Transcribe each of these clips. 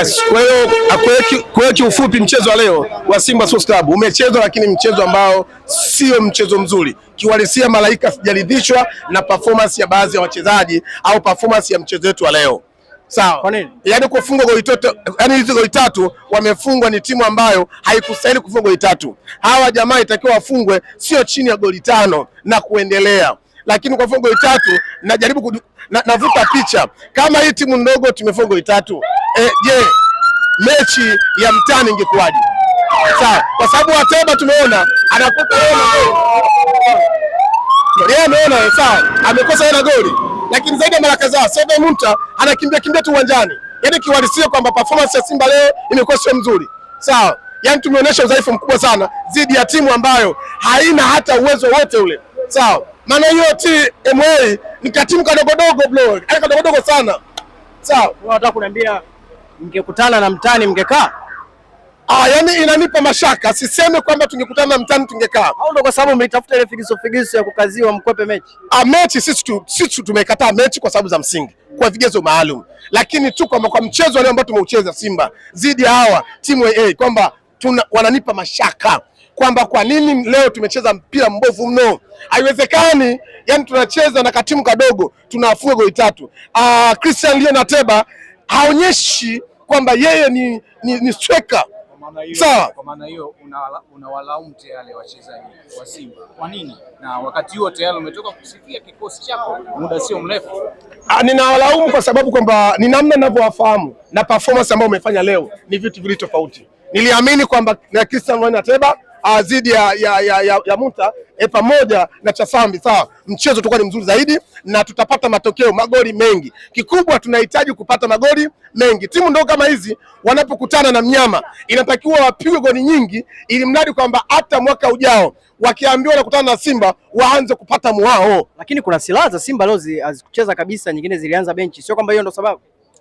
Basi kwa hiyo ah, kwa hiyo kiufupi, mchezo wa leo wa Simba Sports Club umechezwa, lakini mchezo ambao sio mchezo mzuri kiwalisia Malaika, sijaridhishwa na performance ya baadhi ya wachezaji au performance ya mchezo wetu wa leo. Sawa. Kwa nini? Yaani kufunga goli tatu, yaani hizo goli tatu wamefungwa ni timu ambayo haikustahili kufunga goli tatu. Hawa jamaa itakiwa wafungwe sio chini ya goli tano na kuendelea. Lakini kwa fungo goli tatu najaribu navuta na picha. Kama hii timu ndogo tumefunga goli tatu, E, je, mechi ya mtani ingekuwaje? Sawa, kwa sababu Ateba tumeona anakosa yeye, ameona sawa, amekosa na goli, lakini zaidi ya mara kadhaa Seve Munta anakimbia kimbia tu uwanjani, yaani kiuhalisia kwamba performance ya Simba leo imekuwa sio mzuri. Sawa, yaani tumeonyesha udhaifu mkubwa sana dhidi ya timu ambayo haina hata uwezo wote ule. Sawa, maana hiyo TMA ni katimu kadogodogo bro, yaani kadogodogo sana. Sawa, unataka kuniambia mngekutana na mtani mngekaa? Ah, yani inanipa mashaka, siseme kwamba tungekutana na mtani tungekaa. Au ndo kwa sababu mlitafuta ile figiso figiso ya kukaziwa mkwepe mechi? Ah, mechi sisi tu, sisi tumekataa mechi kwa sababu za msingi kwa vigezo maalum, lakini tu kwamba kwa mchezo leo ambao tumeucheza Simba zidi ya hawa timu AA kwamba tuna, wananipa mashaka kwamba kwa nini leo tumecheza mpira mbovu mno? Haiwezekani, yani tunacheza na katimu kadogo tunafua goli tatu. Ah, Christian Leo na Teba haonyeshi kwamba yeye ni, ni, ni striker sawa. Kwa maana hiyo unawalaumu tayari wachezaji wa Simba kwa nini, na wakati huo tayari umetoka kusifia kikosi chako muda sio mrefu. Ah, ninawalaumu kwa sababu kwamba ni namna ninavyowafahamu na performance ambayo umefanya leo ni vitu vili tofauti. Niliamini kwamba na Christian Ateba dhidi ya, ya, ya, ya, ya Munta e, pamoja na Chasambi sawa. Mchezo utakuwa ni mzuri zaidi na tutapata matokeo magoli mengi. Kikubwa tunahitaji kupata magoli mengi. Timu ndogo kama hizi wanapokutana na mnyama inatakiwa wapigwe goli nyingi, ili mradi kwamba hata mwaka ujao wakiambiwa wanakutana na Simba waanze kupata mwao. Lakini kuna silaha za Simba leo hazikucheza kabisa, nyingine zilianza benchi, sio kwamba hiyo ndo sababu.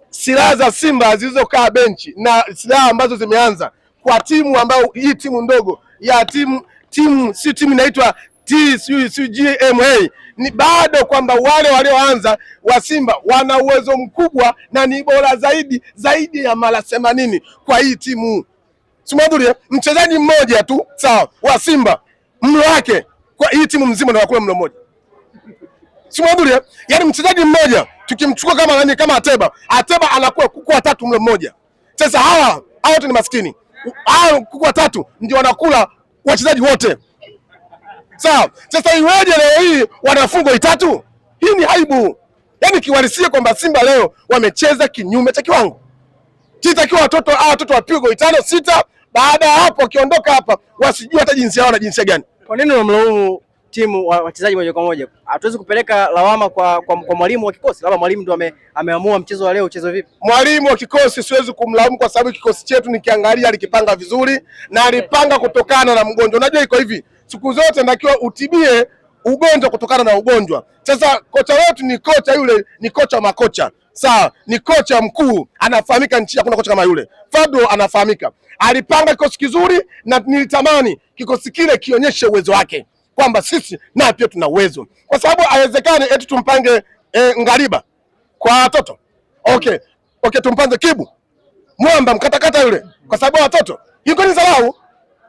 Silaha za Simba zilizokaa benchi na silaha ambazo zimeanza kwa timu ambayo hii timu ndogo ya timu timu, si timu inaitwa TCGMA ni bado kwamba wale walioanza wa Simba wana uwezo mkubwa na ni bora zaidi zaidi ya mara themanini kwa hii timu. simadhuri, mchezaji mmoja tu sawa wa Simba mlo wake kwa hii timu mzima na wakula mlo mmoja. simadhuri, yani mchezaji mmoja tukimchukua kama nani kama Ateba, Ateba anakuwa kuku watatu mlo mmoja. Sasa hawa hawa tu ni maskini hao kuku watatu ndio wanakula wachezaji wote, sawa? Sasa iweje leo hii wanafungwa itatu? Hii ni aibu. Yaani kiwalisia kwamba Simba leo wamecheza kinyume cha kiwango, kitakiwa watoto hawa watoto wapigwe itano sita, baada ya hapo wakiondoka hapa wasijua hata jinsia yao na jinsia gani. Kwa nini unamlaumu timu wachezaji moja kwa moja. Hatuwezi kupeleka lawama kwa, kwa, kwa mwalimu wa kikosi, labda mwalimu ndo ame, ameamua mchezo wa leo uchezo vipi. Mwalimu wa kikosi siwezi kumlaumu kwa sababu kikosi chetu nikiangalia alikipanga vizuri na alipanga kutokana na mgonjwa. Unajua iko hivi siku zote natakiwa utibie ugonjwa kutokana na ugonjwa. Sasa kocha wetu ni kocha yule, ni kocha wa makocha sawa, ni kocha mkuu anafahamika nchi, hakuna kocha kama yule. Fadlu anafahamika, alipanga kikosi kizuri, na nilitamani kikosi kile kionyeshe uwezo wake kwamba sisi na pia tuna uwezo, kwa sababu haiwezekani eti tumpange e, eh, ngariba kwa watoto okay. Okay, tumpange kibu mwamba mkatakata yule, kwa sababu watoto yuko ni zarau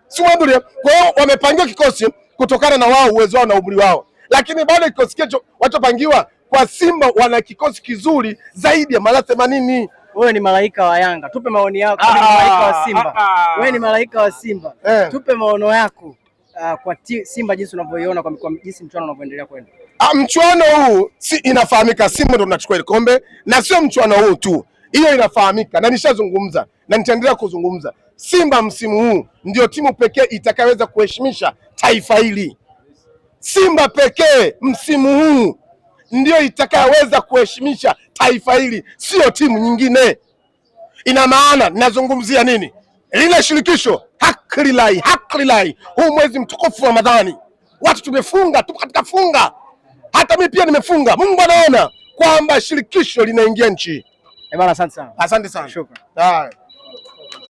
si wabule. Kwa hiyo wamepangiwa kikosi kutokana na wao uwezo wao na umri wao, lakini bado kikosi kicho walichopangiwa kwa Simba wana kikosi kizuri zaidi ya mara themanini. Wewe ni malaika wa Yanga, tupe maoni yako. Wewe ni malaika wa ah, ah, Simba, ah, wewe ni malaika wa Simba, eh. tupe maono yako uh, kwa Simba jinsi unavyoiona kwa, kwa jinsi mchuano unavyoendelea kwenda? Ah, mchuano huu si inafahamika, Simba ndo tunachukua ile kombe na sio mchuano huu tu, hiyo inafahamika na nishazungumza na nitaendelea kuzungumza. Simba msimu huu ndio timu pekee itakayoweza kuheshimisha taifa hili. Simba pekee msimu huu ndio itakayoweza kuheshimisha taifa hili, sio timu nyingine. Ina maana ninazungumzia nini? lile shirikisho haklilai haklilai. Huu mwezi mtukufu wa Ramadhani watu tumefunga, tupo katika funga, hata mimi pia nimefunga. Mungu anaona kwamba shirikisho linaingia nchi. Eh bana, asante sana, asante sana, shukrani.